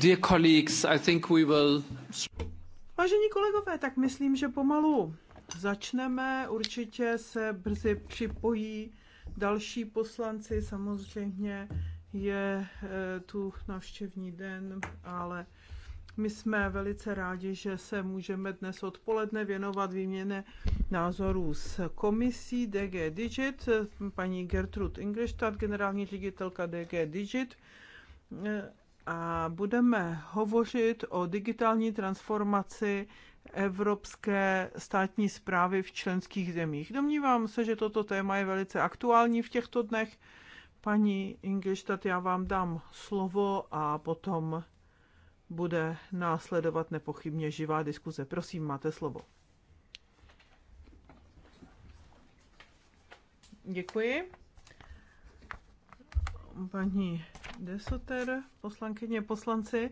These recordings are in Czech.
Dear colleagues, I think we will... Vážení kolegové, tak myslím, že pomalu začneme. Určitě se brzy připojí další poslanci. Samozřejmě je eh, tu navštěvní den, ale my jsme velice rádi, že se můžeme dnes odpoledne věnovat výměně názorů s komisí DG Digit, eh, paní Gertrud Ingolstadt, generální ředitelka DG Digit eh, a budeme hovořit o digitální transformaci evropské státní zprávy v členských zemích. Domnívám se, že toto téma je velice aktuální v těchto dnech. Paní Ingolstadt, já vám dám slovo a potom bude následovat nepochybně živá diskuze. Prosím, máte slovo. Děkuji paní Desoter, poslankyně, poslanci,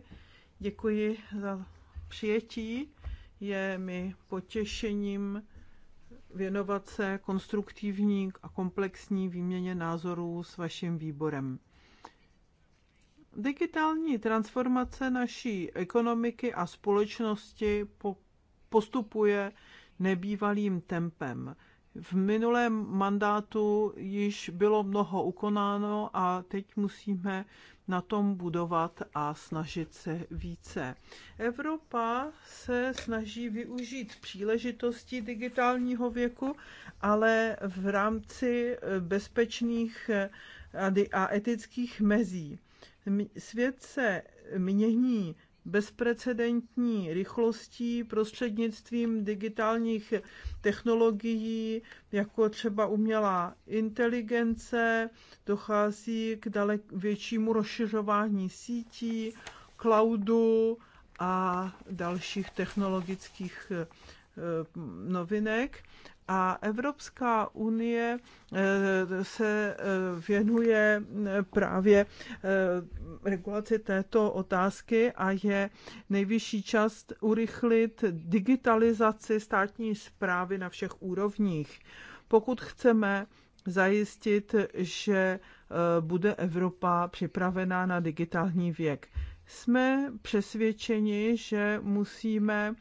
děkuji za přijetí. Je mi potěšením věnovat se konstruktivní a komplexní výměně názorů s vaším výborem. Digitální transformace naší ekonomiky a společnosti postupuje nebývalým tempem. V minulém mandátu již bylo mnoho ukonáno a teď musíme na tom budovat a snažit se více. Evropa se snaží využít příležitosti digitálního věku, ale v rámci bezpečných a etických mezí. Svět se mění bezprecedentní rychlostí prostřednictvím digitálních technologií, jako třeba umělá inteligence, dochází k dalek většímu rozšiřování sítí, cloudu a dalších technologických eh, novinek a Evropská unie eh, se eh, věnuje eh, právě regulaci této otázky a je nejvyšší čas urychlit digitalizaci státní zprávy na všech úrovních. Pokud chceme zajistit, že bude Evropa připravená na digitální věk. Jsme přesvědčeni, že musíme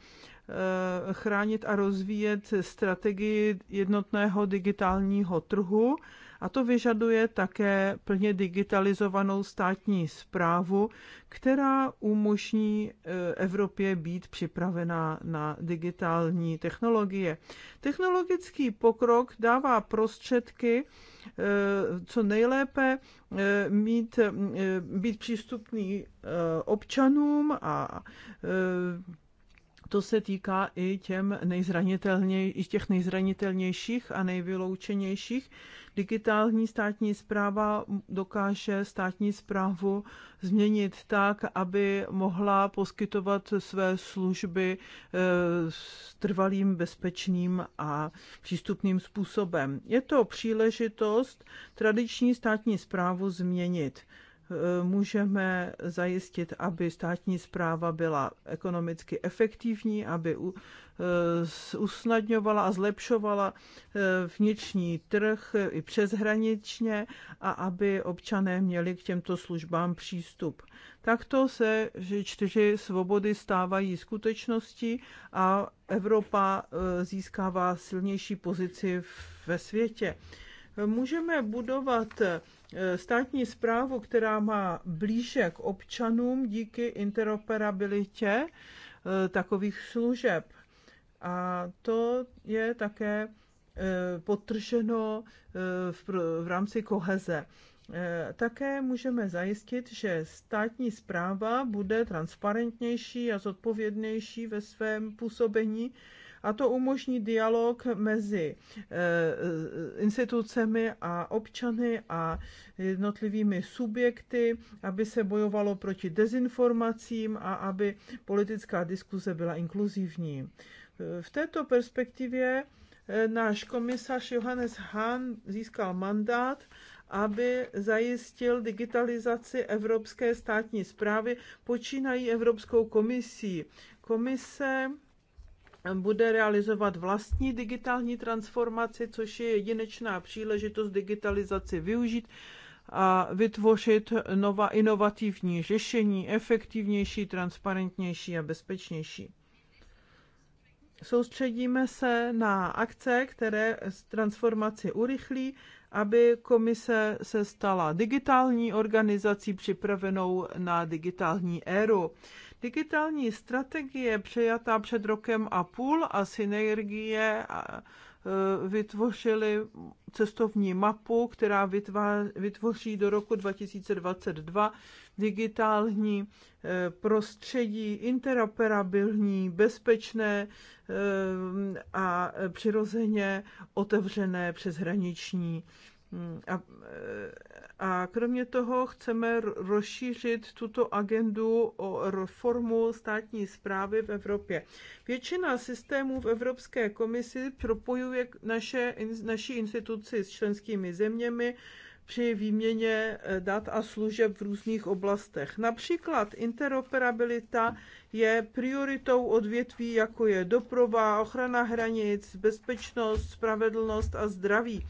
Eh, chránit a rozvíjet strategii jednotného digitálního trhu a to vyžaduje také plně digitalizovanou státní zprávu, která umožní eh, Evropě být připravená na digitální technologie. Technologický pokrok dává prostředky, eh, co nejlépe mít, být přístupný občanům a to se týká i těm nejzranitelněj, i těch nejzranitelnějších a nejvyloučenějších. Digitální státní zpráva dokáže státní zprávu změnit tak, aby mohla poskytovat své služby eh, s trvalým, bezpečným a přístupným způsobem. Je to příležitost tradiční státní zprávu změnit můžeme zajistit, aby státní zpráva byla ekonomicky efektivní, aby usnadňovala a zlepšovala e, vnitřní trh i přeshraničně a aby občané měli k těmto službám přístup. Takto se čtyři svobody stávají skutečností a Evropa e, získává silnější pozici ve světě můžeme budovat eh, státní zprávu, která má blíže k občanům díky interoperabilitě eh, takových služeb. A to je také eh, potrženo v rámci koheze. Také můžeme zajistit, že státní zpráva bude transparentnější a zodpovědnější ve svém působení a to umožní dialog mezi eh, institucemi a občany a jednotlivými subjekty, aby se bojovalo proti dezinformacím a aby politická diskuze byla inkluzivní. Eh, v této perspektivě eh, náš komisař Johannes Hahn získal mandát, aby zajistil digitalizaci evropské státní zprávy, počínají Evropskou komisí. Komise bude realizovat vlastní digitální transformaci, což je jedinečná příležitost digitalizaci využít a vytvořit nová inovativní řešení, efektivnější, transparentnější a bezpečnější. Soustředíme se na akce, které transformaci urychlí, aby komise se stala digitální organizací připravenou na digitální éru. Digitální strategie přejatá před rokem a půl a synergie e, vytvořili cestovní mapu, která vytvoří do roku 2022 digitální e, prostředí interoperabilní, bezpečné e, a přirozeně otevřené přeshraniční Hmm, a, eh, a kromě toho chceme rozšířit tuto agendu o reformu státní zprávy v Evropě. Většina systémů v Evropské komisi propojuje naše, naši instituci s členskými zeměmi při výměně eh, dat a služeb v různých oblastech. Například interoperabilita je prioritou odvětví, jako je doprava, ochrana hranic, bezpečnost, spravedlnost a zdraví.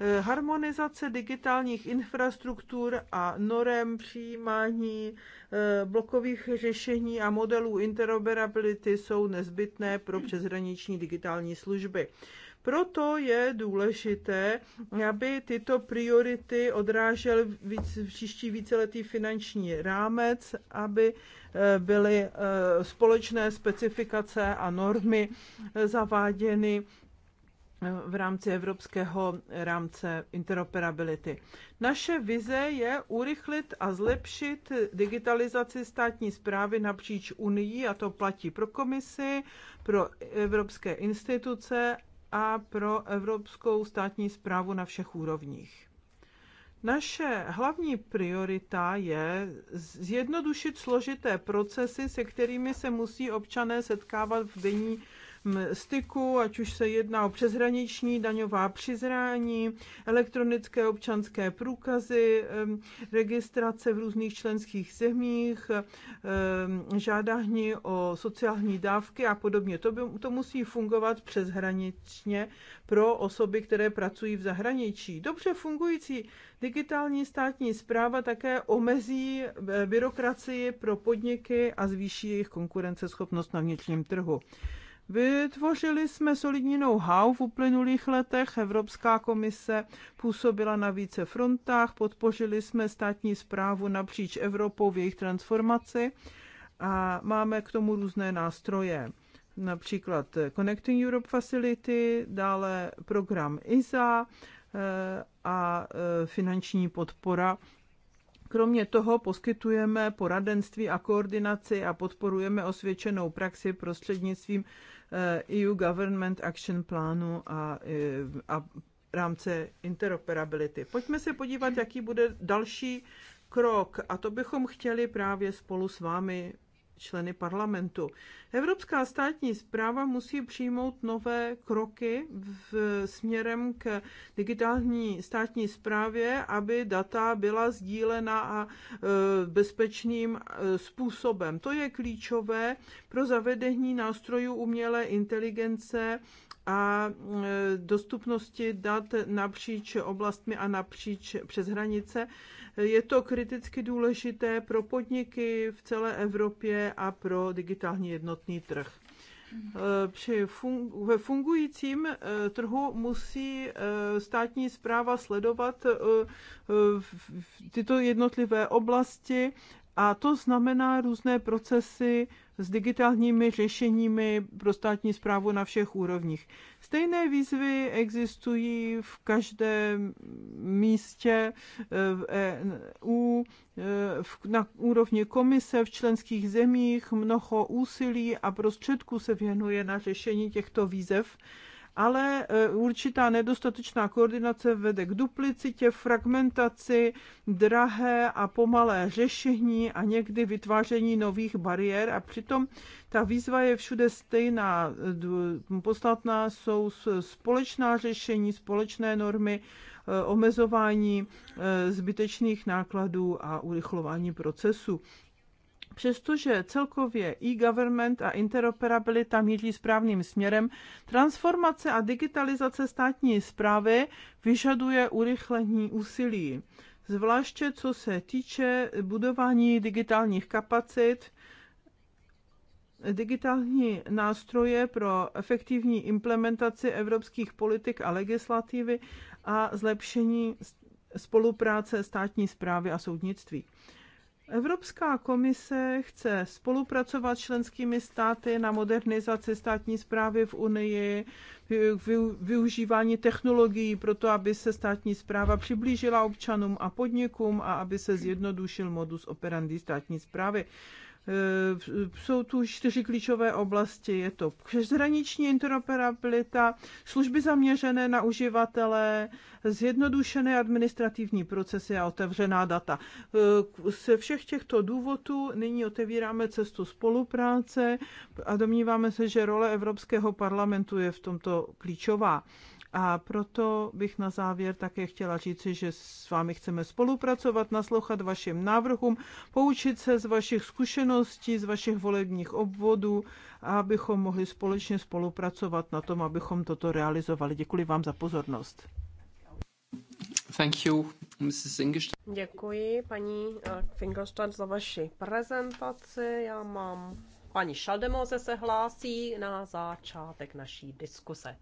Eh, harmonizace digitálních infrastruktur a norem přijímání eh, blokových řešení a modelů interoperability jsou nezbytné pro přeshraniční digitální služby. Proto je důležité, aby tyto priority odrážel víc, příští víceletý finanční rámec, aby eh, byly společné specifikace a normy zaváděny v rámci evropského rámce interoperability. Naše vize je urychlit a zlepšit digitalizaci státní zprávy napříč Unii, a to platí pro komisi, pro evropské instituce a pro evropskou státní zprávu na všech úrovních. Naše hlavní priorita je zjednodušit složité procesy, se kterými se musí občané setkávat v denní styku, ať už se jedná o přeshraniční daňová přizrání, elektronické občanské průkazy, registrace v různých členských zemích, žádání o sociální dávky a podobně. To, by, to musí fungovat přeshraničně pro osoby, které pracují v zahraničí. Dobře fungující digitální státní zpráva také omezí byrokracii pro podniky a zvýší jejich konkurenceschopnost na vnitřním trhu. Vytvořili jsme solidní know-how v uplynulých letech. Evropská komise působila na více frontách, podpořili jsme státní zprávu napříč Evropou v jejich transformaci a máme k tomu různé nástroje. Například Connecting Europe Facility, dále program ISA a eh, eh, finanční podpora Kromě toho poskytujeme poradenství a koordinaci a podporujeme osvědčenou praxi prostřednictvím EU eh, e Government Action plánu a, eh, a rámce interoperability. Pojďme se podívat, jaký bude další krok a to bychom chtěli právě spolu s vámi členy parlamentu. Evropská státní zpráva musí přijmout nové kroky v směrem k digitální státní zprávě, aby data byla sdílena a e, bezpečným e, způsobem. To je klíčové pro zavedení nástrojů umělé inteligence a e, dostupnosti dat napříč oblastmi a napříč přes hranice. Je to kriticky důležité pro podniky v celé Evropě a pro digitální jednotný trh. E, při fun- ve fungujícím e, trhu musí státní zpráva sledovat tyto jednotlivé oblasti a to znamená různé procesy s digitálními řešeními pro státní zprávu na všech úrovních. Stejné výzvy existují v každém místě eh, v EU, eh, na úrovni komise v členských zemích. Mnoho úsilí a prostředků se věnuje na řešení těchto výzev ale e, určitá nedostatečná koordinace vede k duplicitě, fragmentaci, drahé a pomalé řešení a někdy vytváření nových bariér a přitom ta výzva je všude stejná. Poslatná jsou společná řešení, společné normy, e, omezování e, zbytečných nákladů a urychlování procesu. Přestože celkově e-government a interoperabilita míří správným směrem, transformace a digitalizace státní zprávy vyžaduje urychlení úsilí, zvláště co se týče budování digitálních kapacit, digitální nástroje pro efektivní implementaci evropských politik a legislativy a zlepšení spolupráce státní zprávy a soudnictví. Evropská komise chce spolupracovat s členskými státy na modernizaci státní zprávy v Unii, využívání technologií pro to, aby se státní zpráva přiblížila občanům a podnikům a aby se zjednodušil modus operandi státní zprávy. Eh, jsou tu čtyři klíčové oblasti. Je to přeshraniční interoperabilita, služby zaměřené na uživatele, zjednodušené administrativní procesy a otevřená data. Se eh, všech těchto důvodů nyní otevíráme cestu spolupráce a domníváme se, že role Evropského parlamentu je v tomto klíčová. A proto bych na závěr také chtěla říci, že s vámi chceme spolupracovat, naslouchat vašim návrhům, poučit se z vašich zkušeností, z vašich volebních obvodů, abychom mohli společně spolupracovat na tom, abychom toto realizovali. Děkuji vám za pozornost. Thank you, Mrs. Děkuji, paní eh, Fingerstein, za vaši prezentaci. Já mám paní Šaldemose se hlásí na začátek naší diskuse.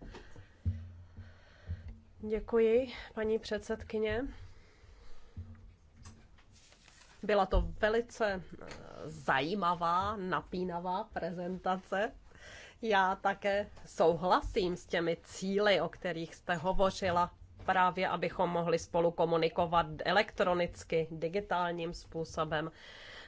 Děkuji, paní předsedkyně. Byla to velice eh, zajímavá, napínavá prezentace. Já také souhlasím s těmi cíly, o kterých jste hovořila, právě abychom mohli spolu komunikovat elektronicky, digitálním způsobem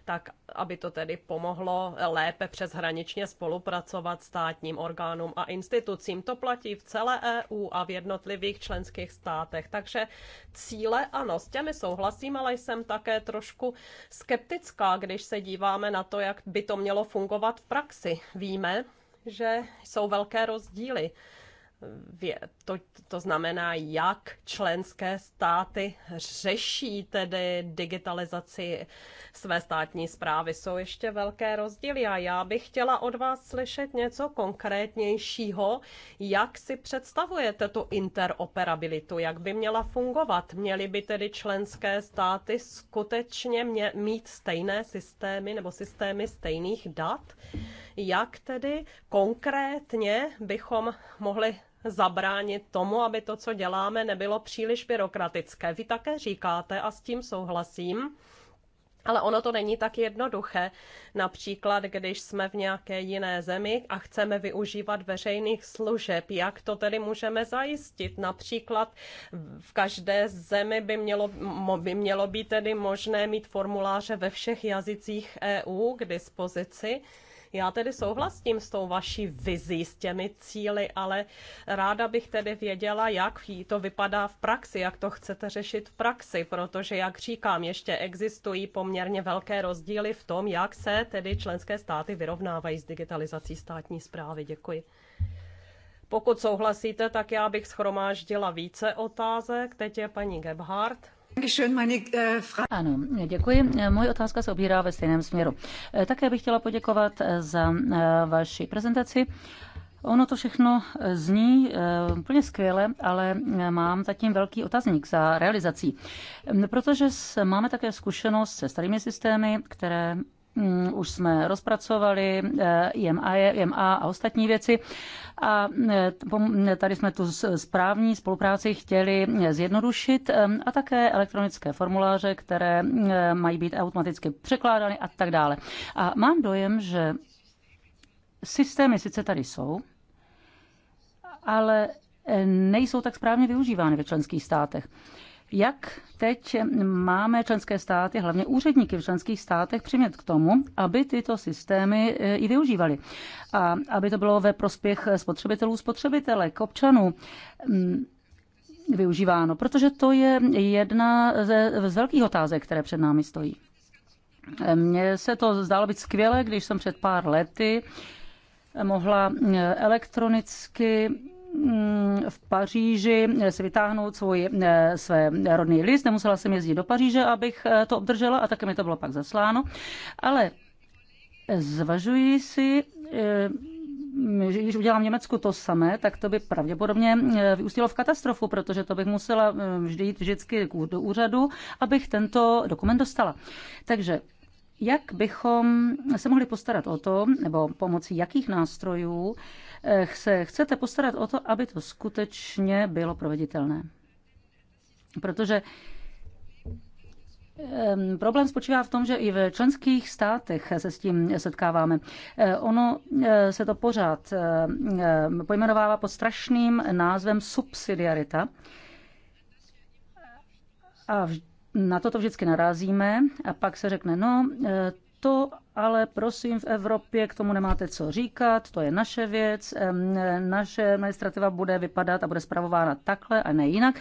tak aby to tedy pomohlo lépe přeshraničně spolupracovat státním orgánům a institucím. To platí v celé EU a v jednotlivých členských státech. Takže cíle ano, s těmi souhlasím, ale jsem také trošku skeptická, když se díváme na to, jak by to mělo fungovat v praxi. Víme, že jsou velké rozdíly to, to znamená, jak členské státy řeší tedy digitalizaci své státní zprávy. Jsou ještě velké rozdíly a já bych chtěla od vás slyšet něco konkrétnějšího. Jak si představujete tu interoperabilitu? Jak by měla fungovat? Měly by tedy členské státy skutečně mě, mít stejné systémy nebo systémy stejných dat? Jak tedy konkrétně bychom mohli zabránit tomu, aby to, co děláme, nebylo příliš byrokratické. Vy také říkáte, a s tím souhlasím, ale ono to není tak jednoduché. Například, když jsme v nějaké jiné zemi a chceme využívat veřejných služeb, jak to tedy můžeme zajistit? Například v každé zemi by mělo, by mělo být tedy možné mít formuláře ve všech jazycích EU k dispozici já tedy souhlasím s tou vaší vizí, s těmi cíly, ale ráda bych tedy věděla, jak to vypadá v praxi, jak to chcete řešit v praxi, protože, jak říkám, ještě existují poměrně velké rozdíly v tom, jak se tedy členské státy vyrovnávají s digitalizací státní zprávy. Děkuji. Pokud souhlasíte, tak já bych schromáždila více otázek. Teď je paní Gebhardt. Äh, ano, děkuji. Moje otázka se obírá ve stejném směru. Eh, také bych chtěla poděkovat eh, za eh, vaši prezentaci. Ono to všechno zní úplně skvěle, ale mám zatím velký otazník za realizací, protože máme také zkušenost se starými systémy, které Mm, už jsme rozpracovali IMA, eh, IMA a ostatní věci. A eh, tady jsme tu správní spolupráci chtěli zjednodušit eh, a také elektronické formuláře, které mají být automaticky překládány a tak dále. A mám dojem, že systémy sice tady jsou, ale nejsou tak správně využívány ve členských státech. Jak teď máme členské státy, hlavně úředníky v členských státech, přimět k tomu, aby tyto systémy eh, i využívali a aby to bylo ve prospěch spotřebitelů, spotřebitelek, občanů mm, využíváno, protože to je jedna ze, z velkých otázek, které před námi stojí. Mně se to zdálo být skvělé, když jsem před pár lety mohla eh, elektronicky Mm, v Paříži si vytáhnout svůj, eh, své rodný list. Nemusela jsem jezdit do Paříže, abych eh, to obdržela a také mi to bylo pak zasláno. Ale zvažuji si, eh, když udělám v Německu to samé, tak to by pravděpodobně vyústilo v katastrofu, protože to bych musela vždy jít vždycky do úřadu, abych tento dokument dostala. Takže jak bychom se mohli postarat o to, nebo pomocí jakých nástrojů eh, se chcete postarat o to, aby to skutečně bylo proveditelné. Protože Problém spočívá v tom, že i v členských státech se s tím setkáváme. Eh, ono eh, se to pořád pojmenovává pod strašným názvem subsidiarita. A vždy na toto vždycky narazíme a pak se řekne, no, e, to ale prosím v Evropě k tomu nemáte co říkat, to je naše věc, e, naše administrativa bude vypadat a bude spravována takhle a ne jinak.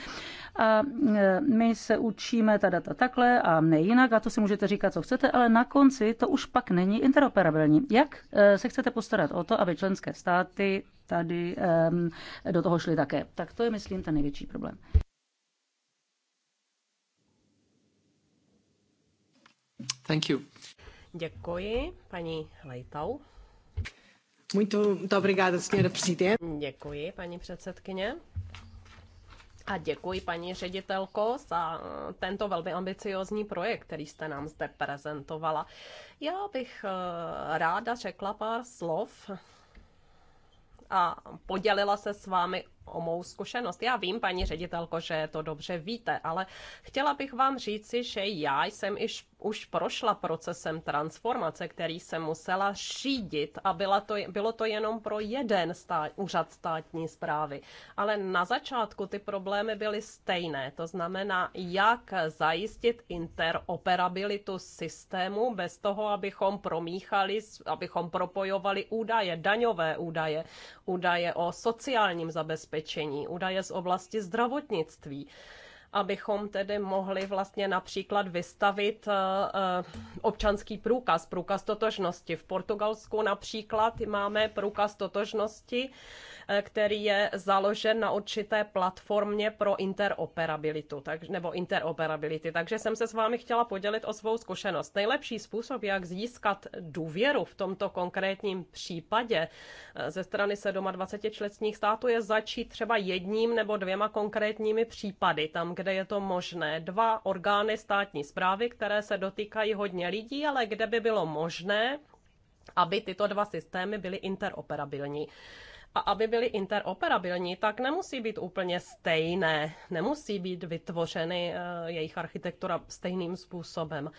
A e, my se učíme ta data takhle a ne jinak a to si můžete říkat, co chcete, ale na konci to už pak není interoperabilní. Jak se chcete postarat o to, aby členské státy tady do toho šly také? Tak to je, myslím, ten největší problém. Thank you. Děkuji, paní Leitau. Muito, muito obrigada, senhora presidente. Děkuji, paní předsedkyně. A děkuji, paní ředitelko, za tento velmi ambiciozní projekt, který jste nám zde prezentovala. Já bych eh, ráda řekla pár slov a podělila se s vámi o mou zkušenost. Já vím, paní ředitelko, že to dobře víte, ale chtěla bych vám říci, že já jsem iž už prošla procesem transformace, který jsem musela řídit a byla to, bylo to jenom pro jeden stát, úřad státní zprávy. Ale na začátku ty problémy byly stejné, to znamená, jak zajistit interoperabilitu systému bez toho, abychom promíchali, abychom propojovali údaje, daňové údaje, údaje o sociálním zabezpečení, zabezpečení, údaje z oblasti zdravotnictví abychom tedy mohli vlastně například vystavit eh, eh, občanský průkaz, průkaz totožnosti. V Portugalsku například máme průkaz totožnosti, eh, který je založen na určité platformě pro interoperabilitu, tak, nebo interoperability. Takže jsem se s vámi chtěla podělit o svou zkušenost. Nejlepší způsob, jak získat důvěru v tomto konkrétním případě ze strany 27 členských států, je začít třeba jedním nebo dvěma konkrétními případy, tam, kde kde je to možné. Dva orgány státní zprávy, které se dotýkají hodně lidí, ale kde by bylo možné, aby tyto dva systémy byly interoperabilní a aby byly interoperabilní, tak nemusí být úplně stejné, nemusí být vytvořeny eh, jejich architektura stejným způsobem.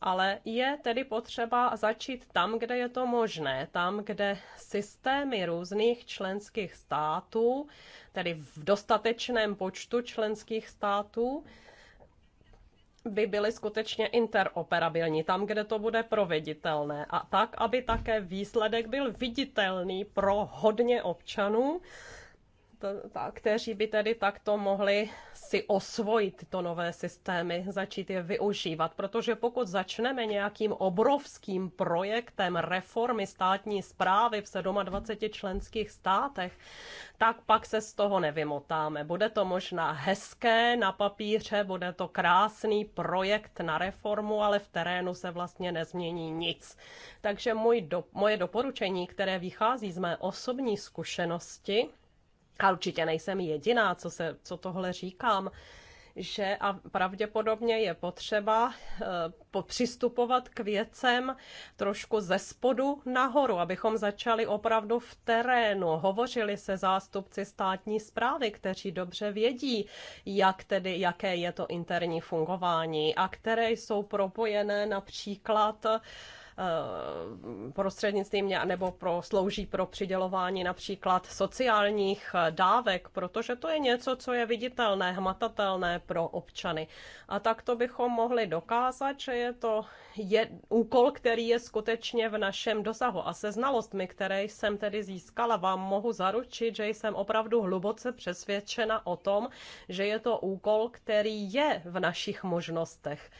Ale je tedy potřeba začít tam, kde je to možné, tam, kde systémy různých členských států, tedy v dostatečném počtu členských států, by byly skutečně interoperabilní, tam, kde to bude proveditelné a tak, aby také výsledek byl viditelný pro hodně občanů kteří by tedy takto mohli si osvojit tyto nové systémy, začít je využívat. Protože pokud začneme nějakým obrovským projektem reformy státní zprávy v 27 členských státech, tak pak se z toho nevymotáme. Bude to možná hezké na papíře, bude to krásný projekt na reformu, ale v terénu se vlastně nezmění nic. Takže můj do, moje doporučení, které vychází z mé osobní zkušenosti, a určitě nejsem jediná, co, se, co tohle říkám, že a pravděpodobně je potřeba eh, přistupovat k věcem trošku ze spodu nahoru, abychom začali opravdu v terénu. Hovořili se zástupci státní zprávy, kteří dobře vědí, jak tedy, jaké je to interní fungování a které jsou propojené například Eh, prostřednictvím nebo pro, slouží pro přidělování například sociálních eh, dávek, protože to je něco, co je viditelné, hmatatelné pro občany. A tak to bychom mohli dokázat, že je to je, úkol, který je skutečně v našem dosahu. A se znalostmi, které jsem tedy získala, vám mohu zaručit, že jsem opravdu hluboce přesvědčena o tom, že je to úkol, který je v našich možnostech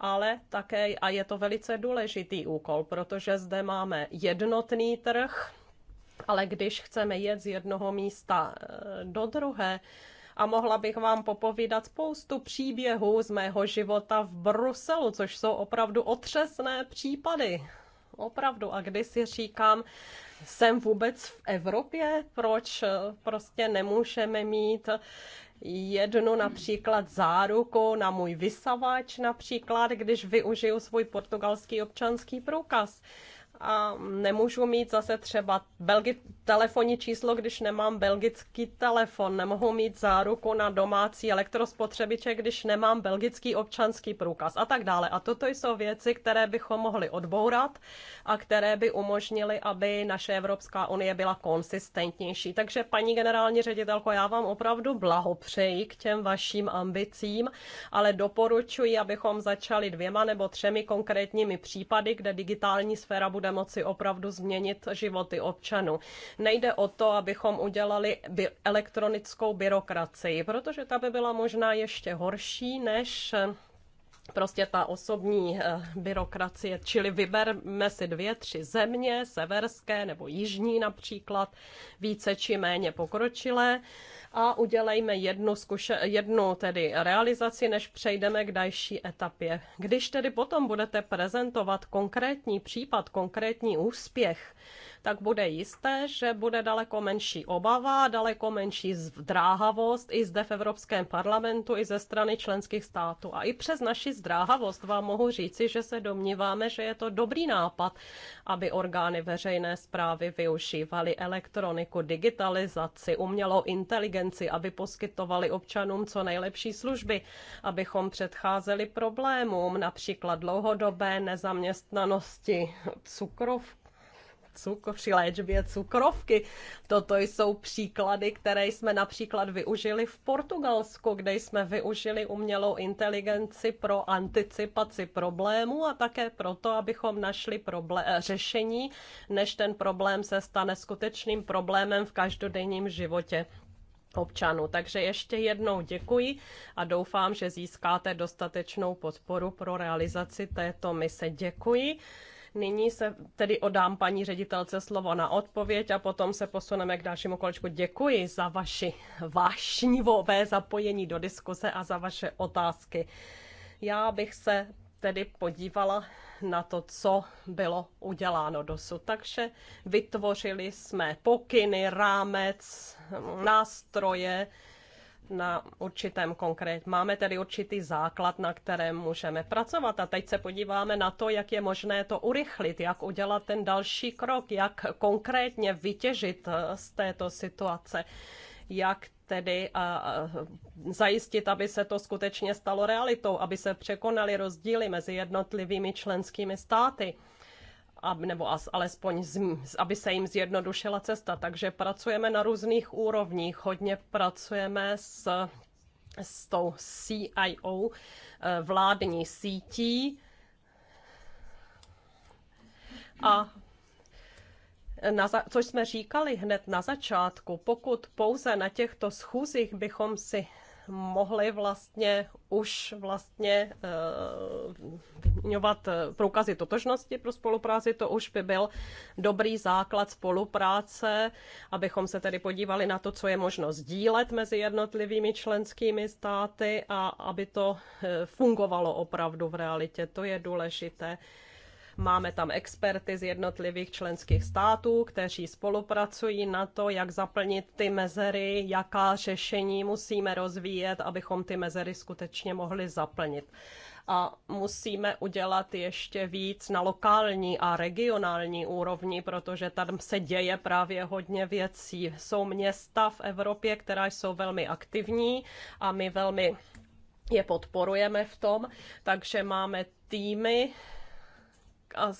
ale také, a je to velice důležitý úkol, protože zde máme jednotný trh, ale když chceme jet z jednoho místa eh, do druhé, a mohla bych vám popovídat spoustu příběhů z mého života v Bruselu, což jsou opravdu otřesné případy. Opravdu. A když si říkám, jsem vůbec v Evropě, proč eh, prostě nemůžeme mít jednu například záruku na můj vysavač například, když využiju svůj portugalský občanský průkaz a nemůžu mít zase třeba belgi- telefonní číslo, když nemám belgický telefon, nemohu mít záruku na domácí elektrospotřebiče, když nemám belgický občanský průkaz a tak dále. A toto jsou věci, které bychom mohli odbourat a které by umožnily, aby naše Evropská unie byla konsistentnější. Takže paní generální ředitelko, já vám opravdu blahopřeji k těm vaším ambicím, ale doporučuji, abychom začali dvěma nebo třemi konkrétními případy, kde digitální sféra bude bude moci opravdu změnit životy občanů. Nejde o to, abychom udělali by elektronickou byrokracii, protože ta by byla možná ještě horší než prostě ta osobní eh, byrokracie, čili vyberme si dvě, tři země, severské nebo jižní například, více či méně pokročilé a udělejme jednu, zkuše, jednu tedy realizaci, než přejdeme k další etapě. Když tedy potom budete prezentovat konkrétní případ, konkrétní úspěch, tak bude jisté, že bude daleko menší obava, daleko menší zdráhavost i zde v Evropském parlamentu, i ze strany členských států. A i přes naši zdráhavost vám mohu říci, že se domníváme, že je to dobrý nápad, aby orgány veřejné zprávy využívaly elektroniku, digitalizaci, umělou inteligenci, aby poskytovali občanům co nejlepší služby, abychom předcházeli problémům, například dlouhodobé nezaměstnanosti, cukrovky, cukr, při léčbě cukrovky. Toto jsou příklady, které jsme například využili v Portugalsku, kde jsme využili umělou inteligenci pro anticipaci problémů a také proto, abychom našli problé- eh, řešení, než ten problém se stane skutečným problémem v každodenním životě občanů. Takže ještě jednou děkuji a doufám, že získáte dostatečnou podporu pro realizaci této mise. Děkuji. Nyní se tedy odám paní ředitelce slovo na odpověď a potom se posuneme k dalšímu kolečku. Děkuji za vaši vášnivové zapojení do diskuse a za vaše otázky. Já bych se tedy podívala na to, co bylo uděláno dosud. Takže vytvořili jsme pokyny, rámec, nástroje, na určitém konkrét. Máme tedy určitý základ, na kterém můžeme pracovat. A teď se podíváme na to, jak je možné to urychlit, jak udělat ten další krok, jak konkrétně vytěžit eh, z této situace, jak tedy a, eh, eh, zajistit, aby se to skutečně stalo realitou, aby se překonaly rozdíly mezi jednotlivými členskými státy nebo alespoň aby se jim zjednodušila cesta. Takže pracujeme na různých úrovních, hodně pracujeme s, s tou CIO eh, vládní sítí a na za, což jsme říkali hned na začátku, pokud pouze na těchto schůzích bychom si mohli vlastně už vlastně eh, vyměňovat eh, průkazy totožnosti pro spolupráci, to už by byl dobrý základ spolupráce, abychom se tedy podívali na to, co je možno sdílet mezi jednotlivými členskými státy a aby to eh, fungovalo opravdu v realitě. To je důležité. Máme tam experty z jednotlivých členských států, kteří spolupracují na to, jak zaplnit ty mezery, jaká řešení musíme rozvíjet, abychom ty mezery skutečně mohli zaplnit a musíme udělat ještě víc na lokální a regionální úrovni, protože tam se děje právě hodně věcí. Jsou města v Evropě, která jsou velmi aktivní a my velmi je podporujeme v tom, takže máme týmy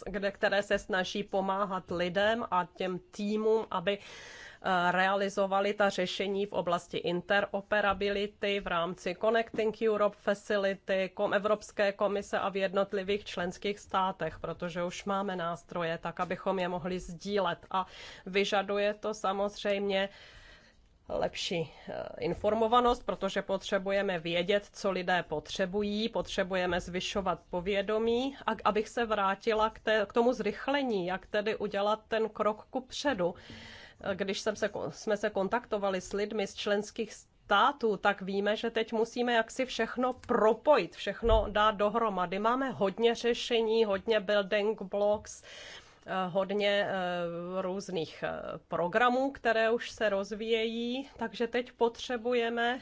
kde, které se snaží pomáhat lidem a těm týmům, aby eh, realizovali ta řešení v oblasti interoperability v rámci Connecting Europe Facility, kom Evropské komise a v jednotlivých členských státech, protože už máme nástroje, tak abychom je mohli sdílet. A vyžaduje to samozřejmě lepší eh, informovanost, protože potřebujeme vědět, co lidé potřebují, potřebujeme zvyšovat povědomí. A abych se vrátila k, té, k tomu zrychlení, jak tedy udělat ten krok ku předu. Eh, když jsem se, jsme se kontaktovali s lidmi z členských států, tak víme, že teď musíme jaksi všechno propojit, všechno dát dohromady. Máme hodně řešení, hodně building blocks, Eh, hodně eh, různých eh, programů, které už se rozvíjejí, takže teď potřebujeme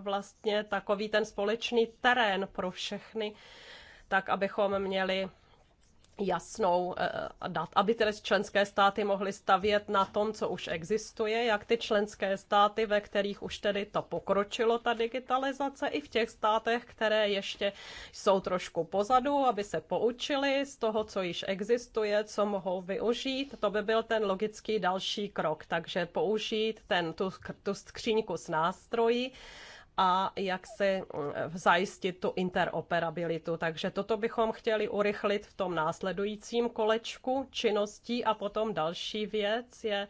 vlastně takový ten společný terén pro všechny, tak abychom měli jasnou eh, dat, aby tedy členské státy mohly stavět na tom, co už existuje, jak ty členské státy, ve kterých už tedy to pokročilo, ta digitalizace, i v těch státech, které ještě jsou trošku pozadu, aby se poučili z toho, co již existuje, co mohou využít. To by byl ten logický další krok, takže použít ten, tu, tu skříňku s nástroji, a jak si eh, zajistit tu interoperabilitu. Takže toto bychom chtěli urychlit v tom následujícím kolečku činností a potom další věc je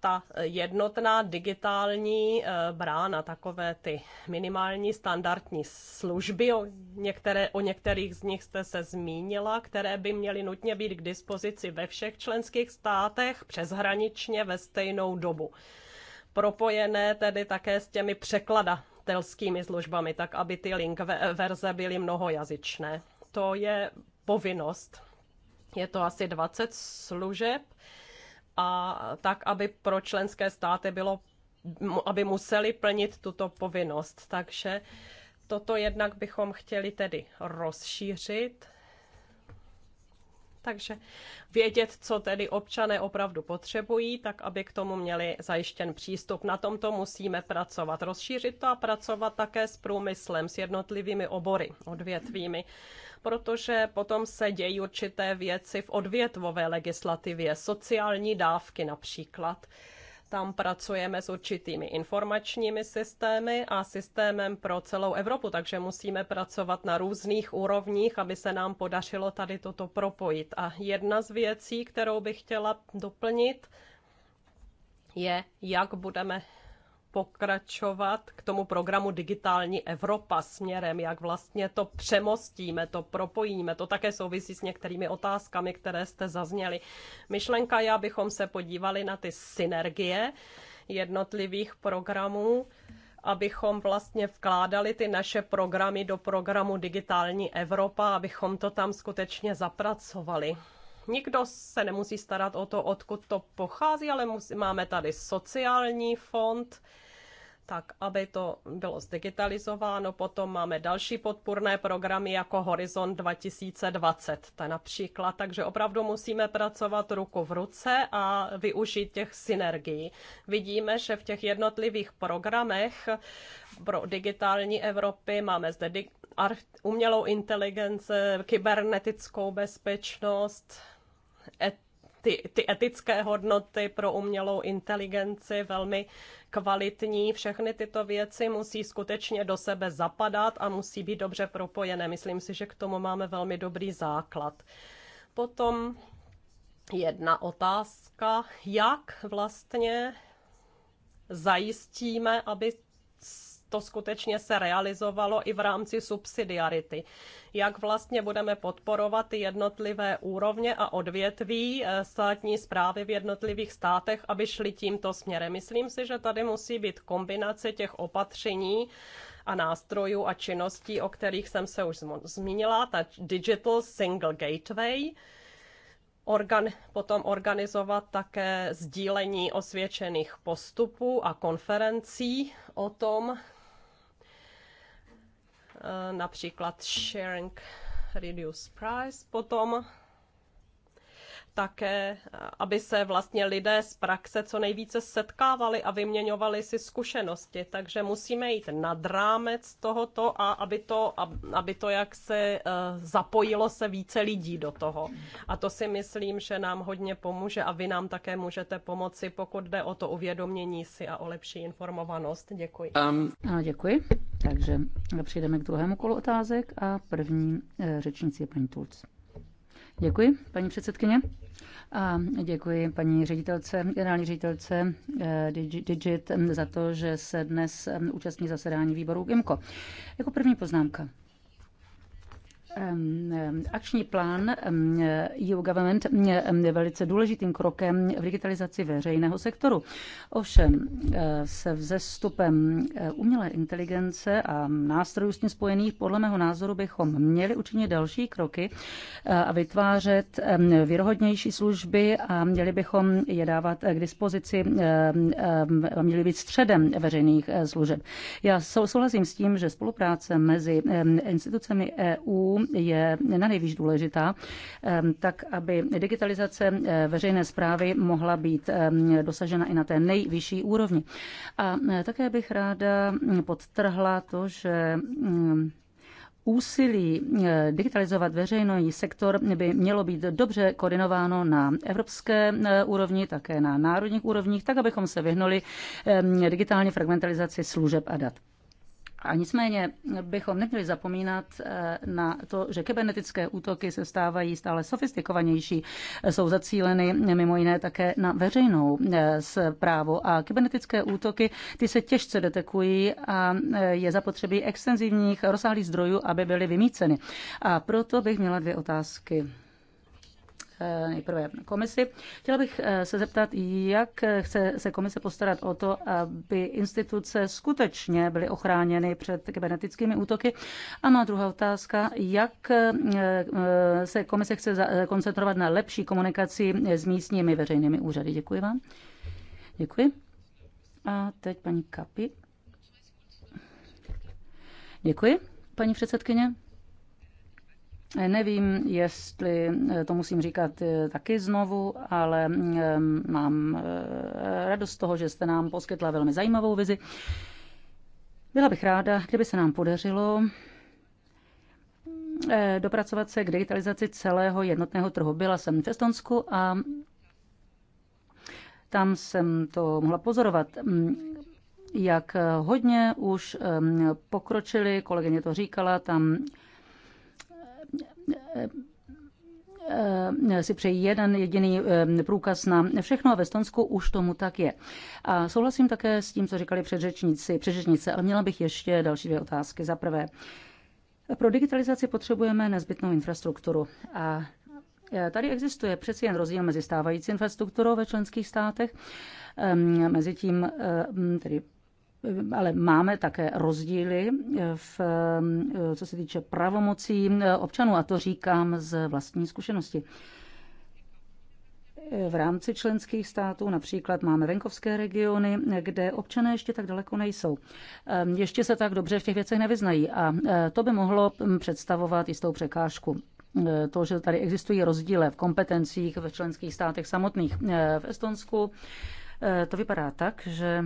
ta jednotná digitální eh, brána, takové ty minimální standardní služby, o, některé, o některých z nich jste se zmínila, které by měly nutně být k dispozici ve všech členských státech přeshraničně ve stejnou dobu propojené tedy také s těmi překlada, nakladatelskými službami, tak aby ty link verze byly mnohojazyčné. To je povinnost. Je to asi 20 služeb a tak, aby pro členské státy bylo, aby museli plnit tuto povinnost. Takže toto jednak bychom chtěli tedy rozšířit takže vědět, co tedy občané opravdu potřebují, tak aby k tomu měli zajištěn přístup. Na tomto musíme pracovat, rozšířit to a pracovat také s průmyslem, s jednotlivými obory, odvětvími protože potom se dějí určité věci v odvětvové legislativě, sociální dávky například. Tam pracujeme s určitými informačními systémy a systémem pro celou Evropu, takže musíme pracovat na různých úrovních, aby se nám podařilo tady toto propojit. A jedna z věcí, kterou bych chtěla doplnit, je, jak budeme pokračovat k tomu programu Digitální Evropa směrem, jak vlastně to přemostíme, to propojíme. To také souvisí s některými otázkami, které jste zazněli. Myšlenka je, abychom se podívali na ty synergie jednotlivých programů abychom vlastně vkládali ty naše programy do programu Digitální Evropa, abychom to tam skutečně zapracovali. Nikdo se nemusí starat o to, odkud to pochází, ale musí, máme tady sociální fond, tak aby to bylo zdigitalizováno. Potom máme další podpůrné programy jako Horizon 2020, to například. Takže opravdu musíme pracovat ruku v ruce a využít těch synergií. Vidíme, že v těch jednotlivých programech pro digitální Evropy máme zde umělou inteligence, kybernetickou bezpečnost, ty, ty etické hodnoty pro umělou inteligenci velmi kvalitní. Všechny tyto věci musí skutečně do sebe zapadat a musí být dobře propojené. Myslím si, že k tomu máme velmi dobrý základ. Potom jedna otázka, jak vlastně zajistíme, aby to skutečně se realizovalo i v rámci subsidiarity. Jak vlastně budeme podporovat jednotlivé úrovně a odvětví eh, státní zprávy v jednotlivých státech, aby šli tímto směrem. Myslím si, že tady musí být kombinace těch opatření, a nástrojů a činností, o kterých jsem se už zmínila, ta Digital Single Gateway, organ, potom organizovat také sdílení osvědčených postupů a konferencí o tom, například sharing reduce price, potom také, aby se vlastně lidé z praxe co nejvíce setkávali a vyměňovali si zkušenosti. Takže musíme jít nad rámec tohoto a aby to, aby to jak se eh, zapojilo se více lidí do toho. A to si myslím, že nám hodně pomůže a vy nám také můžete pomoci, pokud jde o to uvědomění si a o lepší informovanost. Děkuji. Um. Ano, děkuji. Takže přejdeme k druhému kolu otázek a první eh, řečnici je paní Tulc. Děkuji, paní předsedkyně. A děkuji paní ředitelce, generální ředitelce eh, Digit za to, že se dnes eh, účastní zasedání výboru GIMCO. Jako první poznámka. Akční plán EU e Government je velice důležitým krokem v digitalizaci veřejného sektoru. Ovšem e, se vzestupem e, umělé inteligence a nástrojů s tím spojených, podle mého názoru bychom měli učinit další kroky a vytvářet věrohodnější služby a měli bychom je dávat k dispozici a měli být středem veřejných služeb. Já souhlasím s tím, že spolupráce mezi institucemi EU je na nejvíc důležitá, tak aby digitalizace eh, veřejné zprávy mohla být dosažena i na té nejvyšší úrovni. A eh, také bych ráda mm, podtrhla to, že mm, úsilí eh, digitalizovat veřejný sektor by mělo být dobře koordinováno na evropské úrovni, také na národních úrovních, tak abychom se vyhnuli digitální fragmentalizaci služeb a dat. A nicméně bychom neměli zapomínat eh, na to, že kybernetické útoky se stávají stále sofistikovanější, eh, jsou zacíleny mimo jiné také na veřejnou eh, zprávu a kybernetické útoky ty se těžce detekují a je zapotřebí extenzivních rozsáhlých zdrojů, aby byly vymíceny. A proto bych měla dvě otázky Eh, nejprve komisi. Chtěla bych eh, se zeptat, jak chce se komise postarat o to, aby instituce skutečně byly ochráněny před kybernetickými útoky. A má druhá otázka, jak eh, se komise chce koncentrovat na lepší komunikaci s místními veřejnými úřady. Děkuji vám. Děkuji. A teď paní Kapi. Děkuji, paní předsedkyně. Nevím, jestli eh, to musím říkat eh, taky znovu, ale eh, mám radost z toho, že jste nám poskytla velmi zajímavou vizi. Byla bych ráda, kdyby se nám podařilo dopracovat se k digitalizaci celého jednotného trhu. Byla jsem v Estonsku a tam jsem to mohla pozorovat mm, jak hodně už pokročili, kolegyně to říkala, tam Eh, eh, si přejí jeden jediný eh, průkaz na všechno a ve Stonsku už tomu tak je. A souhlasím také s tím, co říkali předřečníci, předřečnice, ale měla bych ještě další dvě otázky. Za prvé, pro digitalizaci potřebujeme nezbytnou infrastrukturu a Tady existuje přeci jen rozdíl mezi stávající infrastrukturou ve členských státech, ehm, mezi tím tedy ale máme také rozdíly, eh, v, eh, co se týče pravomocí eh, občanů, a to říkám z vlastní zkušenosti. V rámci členských států například máme venkovské regiony, kde občané ještě tak daleko nejsou. Ještě se tak dobře v těch věcech nevyznají a to by mohlo hm, představovat jistou překážku to, že tady existují rozdíly v kompetencích ve členských státech samotných. V Estonsku to vypadá tak, že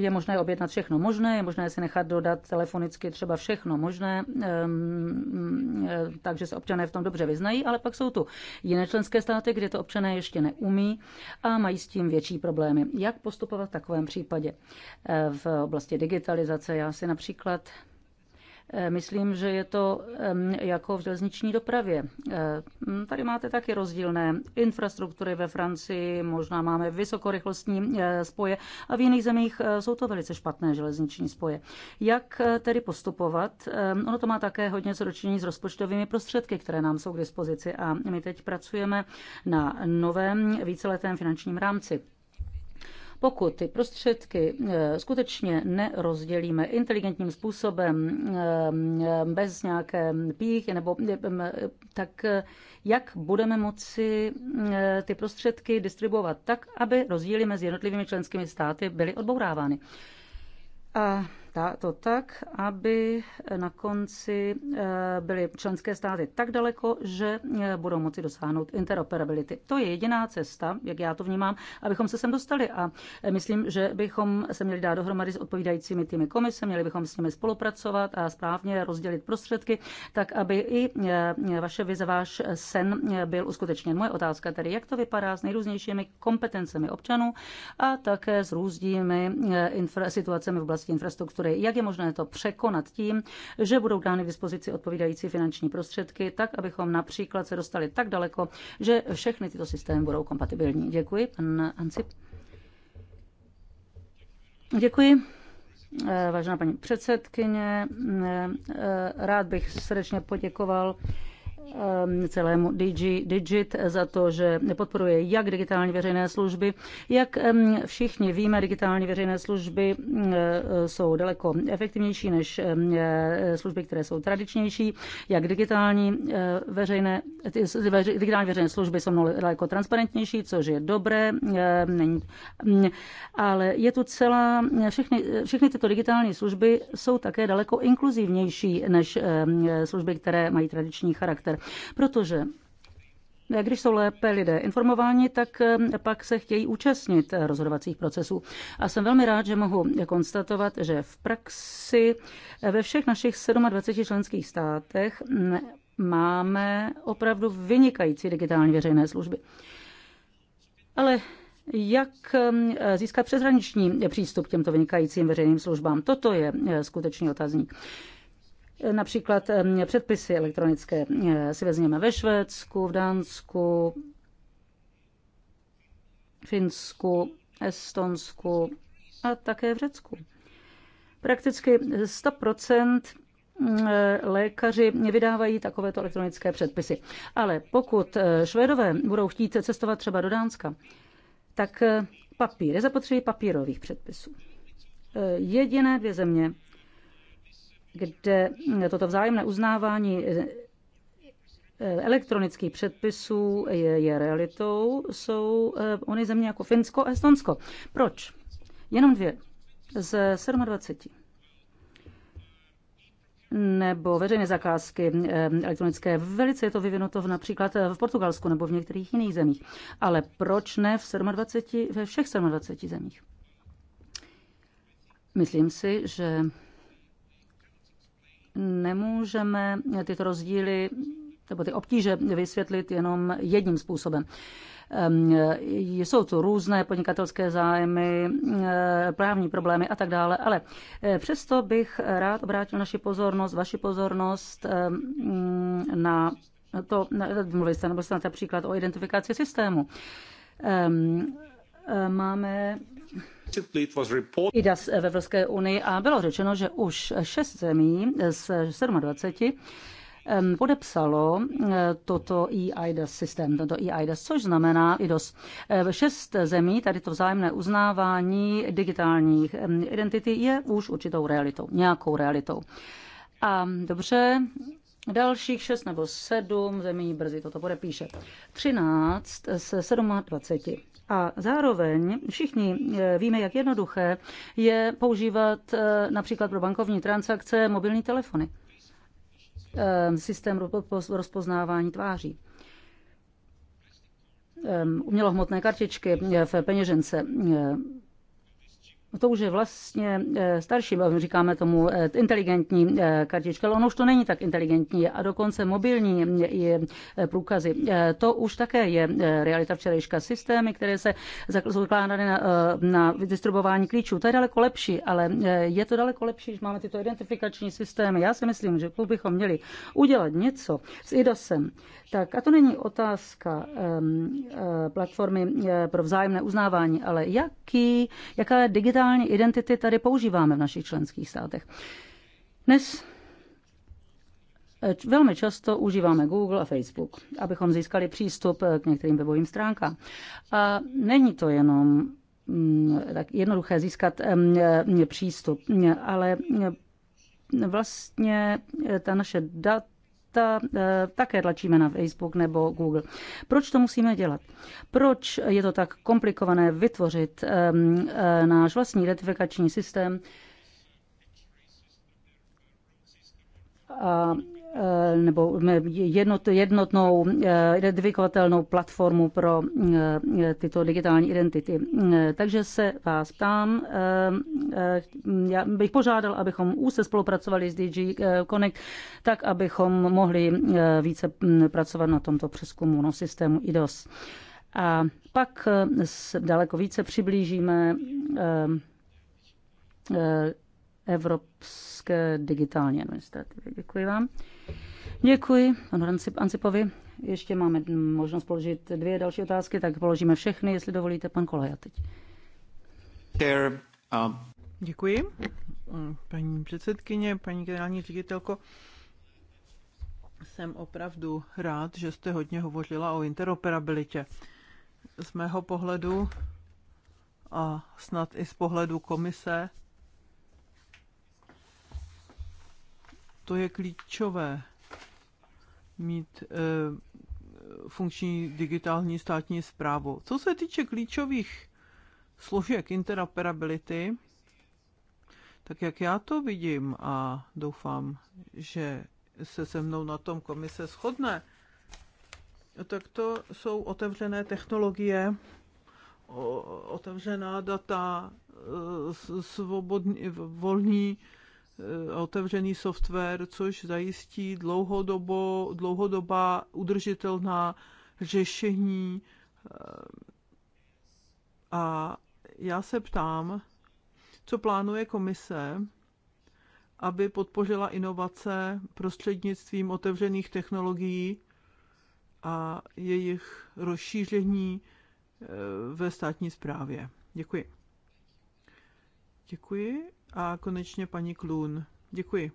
je možné objednat všechno možné, je možné si nechat dodat telefonicky třeba všechno možné, ehm, ehm, takže se občané v tom dobře vyznají, ale pak jsou tu jiné členské státy, kde to občané ještě neumí a mají s tím větší problémy. Jak postupovat v takovém případě? Eh, v oblasti digitalizace já si například Eh, myslím, že je to jako v železniční dopravě. Eh, tady máte taky rozdílné infrastruktury ve Francii, možná máme vysokorychlostní eh, spoje a v jiných zemích jsou to velice špatné železniční spoje. Jak tedy postupovat? Ono to má také hodně co dočinění s rozpočtovými prostředky, které nám jsou k dispozici a my teď pracujeme na novém víceletém finančním rámci. Pokud ty prostředky eh, skutečně nerozdělíme inteligentním způsobem, eh, eh, bez nějaké pích, nebo tak jak budeme moci ty prostředky distribuovat tak, aby rozdíly mezi jednotlivými členskými státy byly odbourávány. A to tak, aby na konci eh, byly členské státy tak daleko, že eh, budou moci dosáhnout interoperability. To je jediná cesta, jak já to vnímám, abychom se sem dostali a eh, myslím, že bychom se měli dát dohromady s odpovídajícími týmy komise, měli bychom s nimi spolupracovat a správně rozdělit prostředky, tak aby i vaše vize, váš sen byl uskutečněn. Moje otázka tedy, jak to vypadá s nejrůznějšími kompetencemi občanů a také s různými situacemi v oblasti infrastruktury podpory. Jak je možné to překonat tím, že budou dány k dispozici odpovídající finanční prostředky, tak abychom například se dostali tak daleko, že všechny tyto systémy budou kompatibilní. Děkuji, pan Ancip. Děkuji. Eh, vážená paní předsedkyně, eh, eh, rád bych srdečně poděkoval Ehm, celému DG, Digit za to, že podporuje jak digitální veřejné služby, jak ehm, všichni víme, digitální veřejné služby ehm, jsou daleko efektivnější než eh, služby, které jsou tradičnější, jak digitální eh, veřejné, digitální veřejné služby jsou daleko transparentnější, což je dobré, není, mm, ale je tu celá, eh, všechny, všechny tyto digitální služby jsou také daleko inkluzivnější než služby, které mají tradiční charakter charakter, protože eh, když jsou lépe lidé informováni, tak eh, pak se chtějí účastnit eh, rozhodovacích procesů. A jsem velmi rád, že mohu konstatovat, že v praxi ve všech našich 27 členských státech máme opravdu vynikající digitální veřejné služby. Ale jak získat přeshraniční přístup k těmto vynikajícím veřejným službám? Toto je skutečný otazník. Například předpisy elektronické si vezmeme ve Švédsku, v Dánsku, Finsku, Estonsku a také v Řecku. Prakticky 100 lékaři vydávají takovéto elektronické předpisy. Ale pokud eh, Švédové budou chtít cestovat třeba do Dánska, tak eh, papír, je zapotřebí papírových předpisů. Eh, jediné dvě země kde toto vzájemné uznávání eh, elektronických předpisů je, je realitou, jsou eh, ony země jako Finsko a Estonsko. Proč? Jenom dvě z 27 nebo veřejné zakázky eh, elektronické. Velice je to vyvinuto v, například v Portugalsku nebo v některých jiných zemích. Ale proč ne v 27, ve všech 27 zemích? Myslím si, že nemůžeme tyto rozdíly nebo ty obtíže vysvětlit jenom jedním způsobem. Jsou tu různé podnikatelské zájmy, eh, právní problémy a tak dále, ale eh, přesto bych rád obrátil naši pozornost, vaši pozornost na to, mluvili jste, nebo jste například o identifikaci systému. Eh, máme IDAS v Evropské unii a bylo řečeno, že už šest zemí z 27 podepsalo eh, toto eIDAS systém, Toto eIDAS, což znamená IDOS. Eh, šest zemí tady to vzájemné uznávání digitálních identity je už určitou realitou, nějakou realitou. A dobře, Dalších šest nebo sedm zemí brzy toto podepíše. 13 z 27. A zároveň všichni eh, víme, jak jednoduché je používat eh, například pro bankovní transakce mobilní telefony, ehm, systém rozpoznávání tváří ehm, umělohmotné kartičky eh, v peněžence No to už je vlastně eh, starší, říkáme tomu eh, inteligentní eh, kartička, ale ono už to není tak inteligentní a dokonce mobilní mm, je průkazy. To už také je realita včerejška. Systémy, které se zakládaly na, na distribuování klíčů, to je daleko lepší, ale je to daleko lepší, když máme tyto identifikační systémy. Já si myslím, že pokud bychom měli udělat něco s IDOSem, tak a to není otázka ehm, platformy pro vzájemné uznávání, ale jaký, jaká digitální digitální identity tady používáme v našich členských státech. Dnes eh, Velmi často užíváme Google a Facebook, abychom získali přístup eh, k některým webovým stránkám. A není to jenom mm, tak jednoduché získat eh, přístup, ale vlastně ta naše data. Eh, také tlačíme na Facebook nebo Google. Proč to musíme dělat? Proč je to tak komplikované vytvořit eh, náš vlastní identifikační systém? Eh, nebo jednot, jednotnou eh, identifikovatelnou platformu pro eh, tyto digitální identity. Takže se vás ptám, já bych požádal, abychom úzce spolupracovali s DG Connect, tak abychom mohli více mm, pracovat na tomto přeskumu no, systému IDOS. A pak se daleko více přiblížíme evropské digitální administrativy. Děkuji vám. Děkuji panu Ancipovi. Ještě máme možnost položit dvě další otázky, tak položíme všechny, jestli dovolíte, pan Kolaja teď. Um, Děkuji. Paní předsedkyně, paní generální ředitelko, jsem opravdu rád, že jste hodně hovořila o interoperabilitě. Z mého pohledu a snad i z pohledu komise to je klíčové mít eh, funkční digitální státní zprávu. Co se týče klíčových složek interoperability, tak jak já to vidím a doufám, že se se mnou na tom komise shodne, tak to jsou otevřené technologie, otevřená data, eh, svobodný, volný Eh, otevřený software, což zajistí dlouhodobo, dlouhodobá udržitelná řešení. Eh, a já se ptám, co plánuje komise, aby podpořila inovace prostřednictvím otevřených technologií a jejich rozšíření eh, ve státní správě. Děkuji. Děkuji. A konečně paní Klun. Děkuji.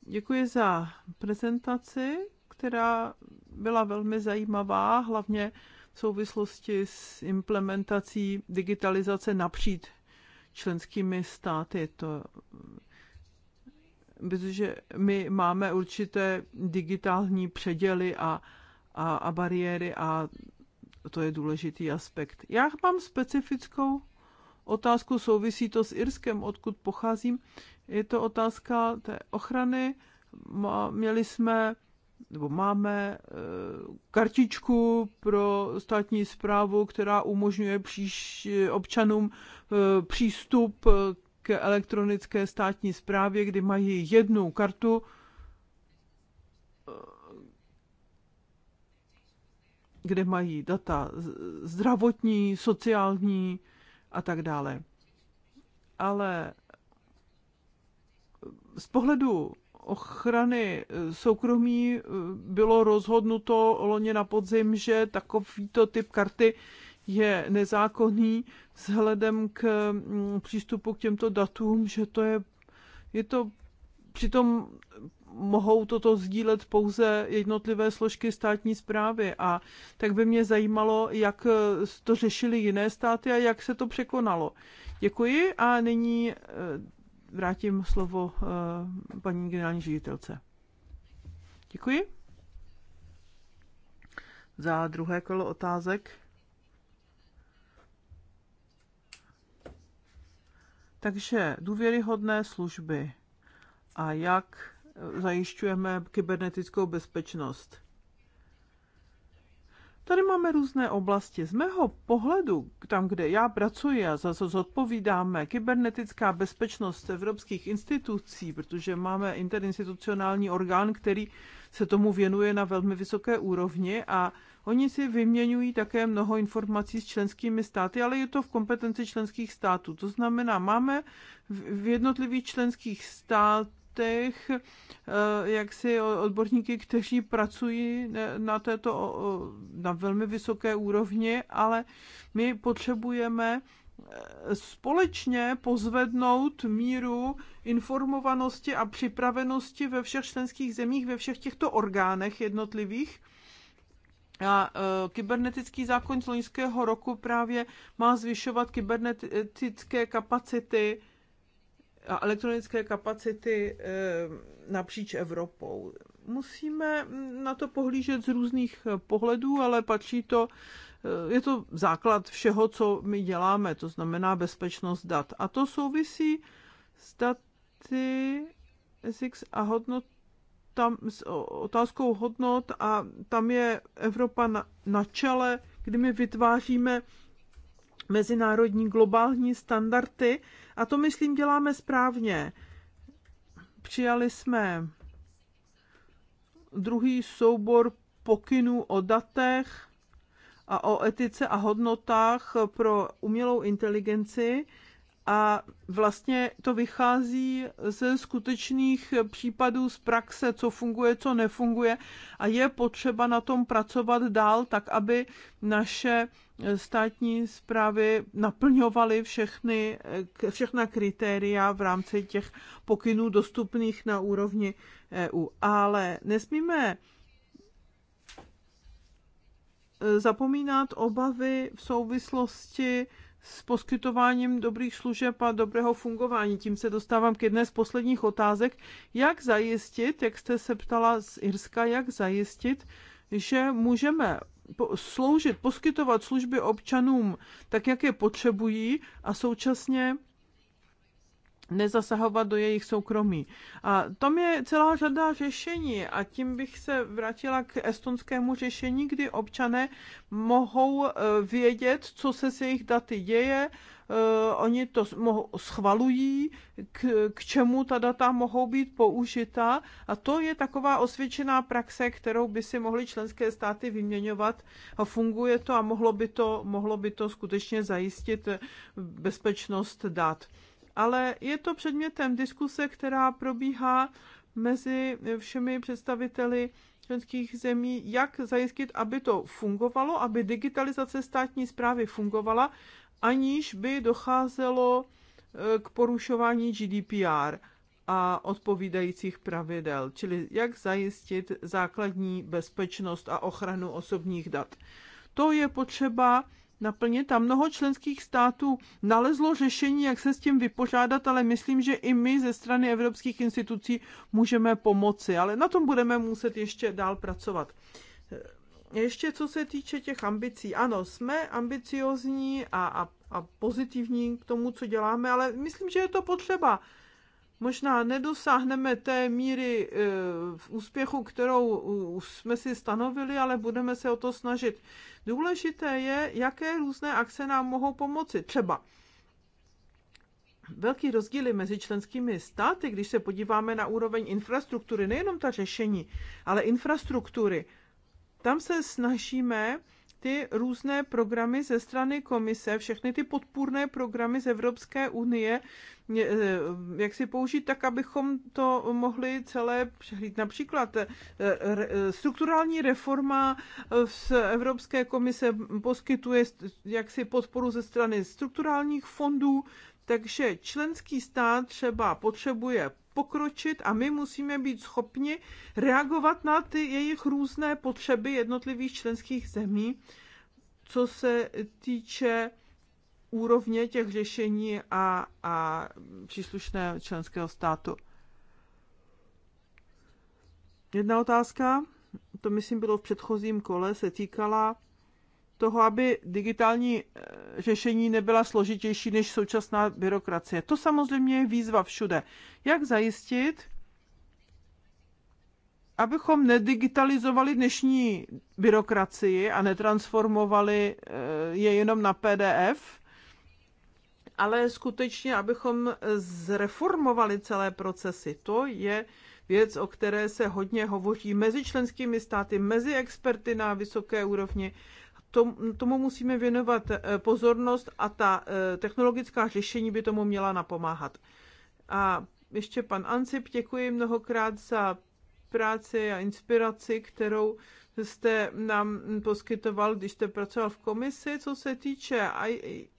Děkuji za prezentaci, která byla velmi zajímavá, hlavně v souvislosti s implementací digitalizace napříč členskými státy. To, protože my máme určité digitální předěly a, a, a bariéry a to je důležitý aspekt. Já mám specifickou otázku, souvisí to s Irskem, odkud pocházím. Je to otázka té ochrany. Měli jsme nebo máme eh, kartičku pro státní zprávu, která umožňuje příš, občanům eh, přístup eh, k elektronické státní zprávě, kdy mají jednu kartu, kde mají data zdravotní, sociální a tak dále. Ale z pohledu ochrany eh, soukromí eh, bylo rozhodnuto loni na podzim, že takovýto typ karty je nezákonný vzhledem k mm, přístupu k těmto datům, že to je, je to přitom mohou toto sdílet pouze jednotlivé složky státní zprávy. A tak by mě zajímalo, jak eh, to řešili jiné státy a jak se to překonalo. Děkuji a nyní eh, vrátím slovo eh, paní generální ředitelce. Děkuji. Za druhé kolo otázek. Takže důvěryhodné služby a jak zajišťujeme kybernetickou bezpečnost. Tady máme různé oblasti. Z mého pohledu, tam, kde já pracuji a za co zodpovídáme, kybernetická bezpečnost evropských institucí, protože máme interinstitucionální orgán, který se tomu věnuje na velmi vysoké úrovni a oni si vyměňují také mnoho informací s členskými státy, ale je to v kompetenci členských států. To znamená, máme v jednotlivých členských států státech, eh, jak si odborníky, kteří pracují eh, na této na velmi vysoké úrovni, ale my potřebujeme eh, společně pozvednout míru informovanosti a připravenosti ve všech členských zemích, ve všech těchto orgánech jednotlivých. A kybernetický zákon z loňského roku právě má zvyšovat kybernetické kapacity a elektronické kapacity eh, napříč Evropou. Musíme mm, na to pohlížet z různých eh, pohledů, ale patří to, eh, je to základ všeho, co my děláme, to znamená bezpečnost dat. A to souvisí s daty SX a hodnot tam s otázkou hodnot a tam je Evropa na, na čele, kdy my vytváříme mezinárodní globální standardy a to, myslím, děláme správně. Přijali jsme druhý soubor pokynů o datech a o etice a hodnotách pro umělou inteligenci a vlastně to vychází ze skutečných případů z praxe, co funguje, co nefunguje a je potřeba na tom pracovat dál, tak aby naše státní zprávy naplňovaly všechny, všechna kritéria v rámci těch pokynů dostupných na úrovni EU. Ale nesmíme zapomínat obavy v souvislosti s poskytováním dobrých služeb a dobrého fungování. Tím se dostávám k jedné z posledních otázek. Jak zajistit, jak jste se ptala z Irska, jak zajistit, že můžeme sloužit, poskytovat služby občanům tak, jak je potřebují a současně nezasahovat do jejich soukromí. A tam je celá řada řešení a tím bych se vrátila k estonskému řešení, kdy občané mohou e, vědět, co se s jejich daty děje, e, oni to schvalují, k, k čemu ta data mohou být použita a to je taková osvědčená praxe, kterou by si mohly členské státy vyměňovat a funguje to a mohlo by to, mohlo by to skutečně zajistit bezpečnost dat ale je to předmětem diskuse, která probíhá mezi všemi představiteli členských zemí, jak zajistit, aby to fungovalo, aby digitalizace státní zprávy fungovala, aniž by docházelo eh, k porušování GDPR a odpovídajících pravidel, čili jak zajistit základní bezpečnost a ochranu osobních dat. To je potřeba naplnit a mnoho členských států nalezlo řešení, jak se s tím vypořádat, ale myslím, že i my ze strany evropských institucí můžeme pomoci, ale na tom budeme muset ještě dál pracovat. Ještě co se týče těch ambicí. Ano, jsme ambiciozní a, a, a pozitivní k tomu, co děláme, ale myslím, že je to potřeba možná nedosáhneme té míry eh, v úspěchu, kterou jsme si stanovili, ale budeme se o to snažit. Důležité je, jaké různé akce nám mohou pomoci. Třeba velký rozdíly mezi členskými státy, když se podíváme na úroveň infrastruktury, nejenom ta řešení, ale infrastruktury. Tam se snažíme ty různé programy ze strany komise, všechny ty podpůrné programy z Evropské unie, eh, jak si použít tak, abychom to mohli celé přehlít. Například eh, eh, strukturální reforma z Evropské komise poskytuje jaksi podporu ze strany strukturálních fondů, takže členský stát třeba potřebuje pokročit a my musíme být schopni reagovat na ty jejich různé potřeby jednotlivých členských zemí, co se týče úrovně těch řešení a, a příslušného členského státu. Jedna otázka, to myslím bylo v předchozím kole, se týkala toho, aby digitální eh, řešení nebyla složitější než současná byrokracie. To samozřejmě je výzva všude. Jak zajistit, abychom nedigitalizovali dnešní byrokracii a netransformovali eh, je jenom na PDF, ale skutečně, abychom zreformovali celé procesy. To je věc, o které se hodně hovoří mezi členskými státy, mezi experty na vysoké úrovni tomu musíme věnovat eh, pozornost a ta eh, technologická řešení by tomu měla napomáhat. A ještě pan Ancip, děkuji mnohokrát za práci a inspiraci, kterou jste nám poskytoval, když jste pracoval v komisi, co se týče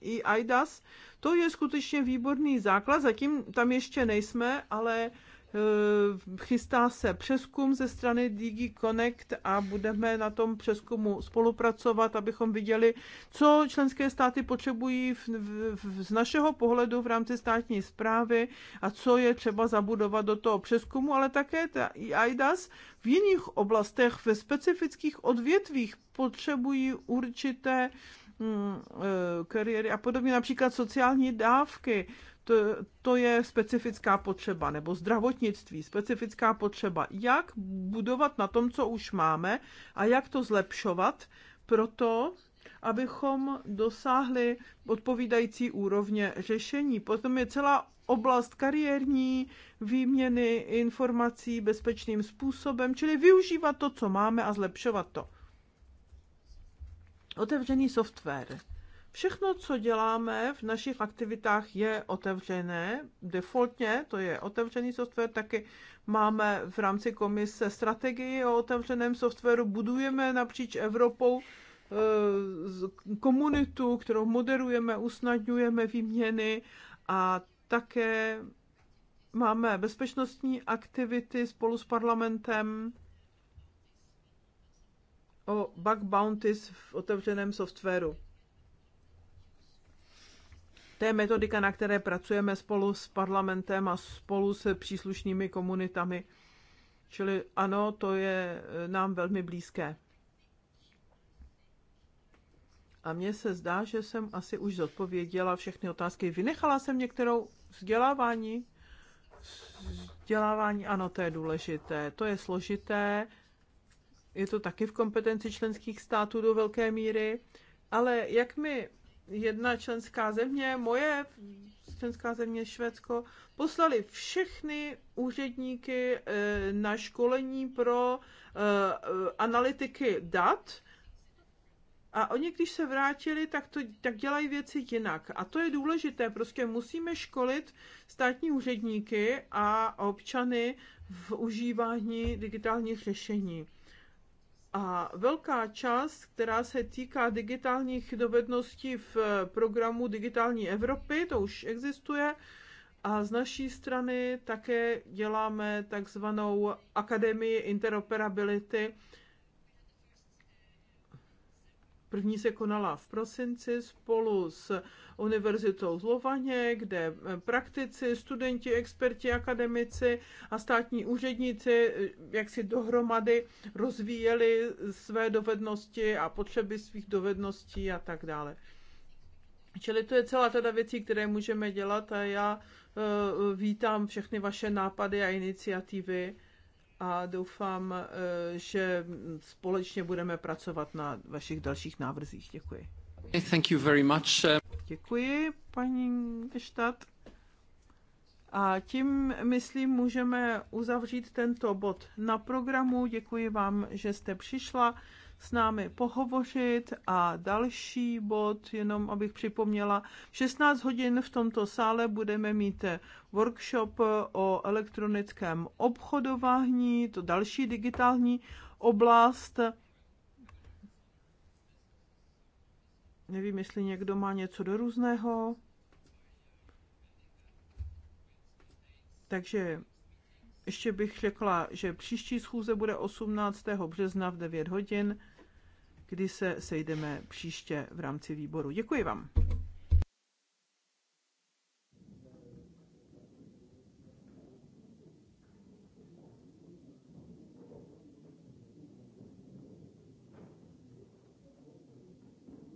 i IDAS. To je skutečně výborný základ, zatím tam ještě nejsme, ale Eh, chystá se přeskum ze strany DG Connect a budeme na tom přeskumu spolupracovat, abychom viděli, co členské státy potřebují v, v, v, z našeho pohledu v rámci státní zprávy a co je třeba zabudovat do toho přeskumu, ale také ta e IDAS v jiných oblastech, ve specifických odvětvích potřebují určité Mm, eh, kariéry a podobně, například sociální dávky, to, to je specifická potřeba, nebo zdravotnictví, specifická potřeba. Jak budovat na tom, co už máme a jak to zlepšovat, pro to, abychom dosáhli odpovídající úrovně řešení. Potom je celá oblast kariérní, výměny informací bezpečným způsobem, čili využívat to, co máme a zlepšovat to. Otevřený software. Všechno, co děláme v našich aktivitách, je otevřené. Defaultně to je otevřený software, taky máme v rámci komise strategii o otevřeném softwaru, budujeme napříč Evropou eh, komunitu, kterou moderujeme, usnadňujeme výměny a také máme bezpečnostní aktivity spolu s parlamentem o bug bounties v otevřeném softwaru. To je metodika, na které pracujeme spolu s parlamentem a spolu se příslušnými komunitami. Čili ano, to je eh, nám velmi blízké. A mně se zdá, že jsem asi už zodpověděla všechny otázky. Vynechala jsem některou vzdělávání. Vzdělávání, ano, to je důležité. To je složité, je to taky v kompetenci členských států do velké míry, ale jak mi jedna členská země, moje členská země Švédsko, poslali všechny úředníky eh, na školení pro eh, analytiky dat, a oni, když se vrátili, tak, to, tak dělají věci jinak. A to je důležité. Prostě musíme školit státní úředníky a občany v užívání digitálních řešení. A velká část, která se týká digitálních dovedností v programu Digitální Evropy, to už existuje, a z naší strany také děláme takzvanou Akademii interoperability, První se konala v prosinci spolu s Univerzitou z Lovaně, kde eh, praktici, studenti, experti, akademici a státní úředníci eh, jak si dohromady rozvíjeli své dovednosti a potřeby svých dovedností a tak dále. Čili to je celá teda věcí, které můžeme dělat a já eh, vítám všechny vaše nápady a iniciativy a doufám, eh, že společně budeme pracovat na vašich dalších návrzích. Děkuji. Thank you very much. Děkuji, paní Gestad. A tím, myslím, můžeme uzavřít tento bod na programu. Děkuji vám, že jste přišla s námi pohovořit a další bod, jenom abych připomněla, 16 hodin v tomto sále budeme mít workshop o elektronickém obchodování, to další digitální oblast. Nevím, jestli někdo má něco do různého. Takže ještě bych řekla, že příští schůze bude 18. března v 9 hodin, kdy se sejdeme příště v rámci výboru. Děkuji vám.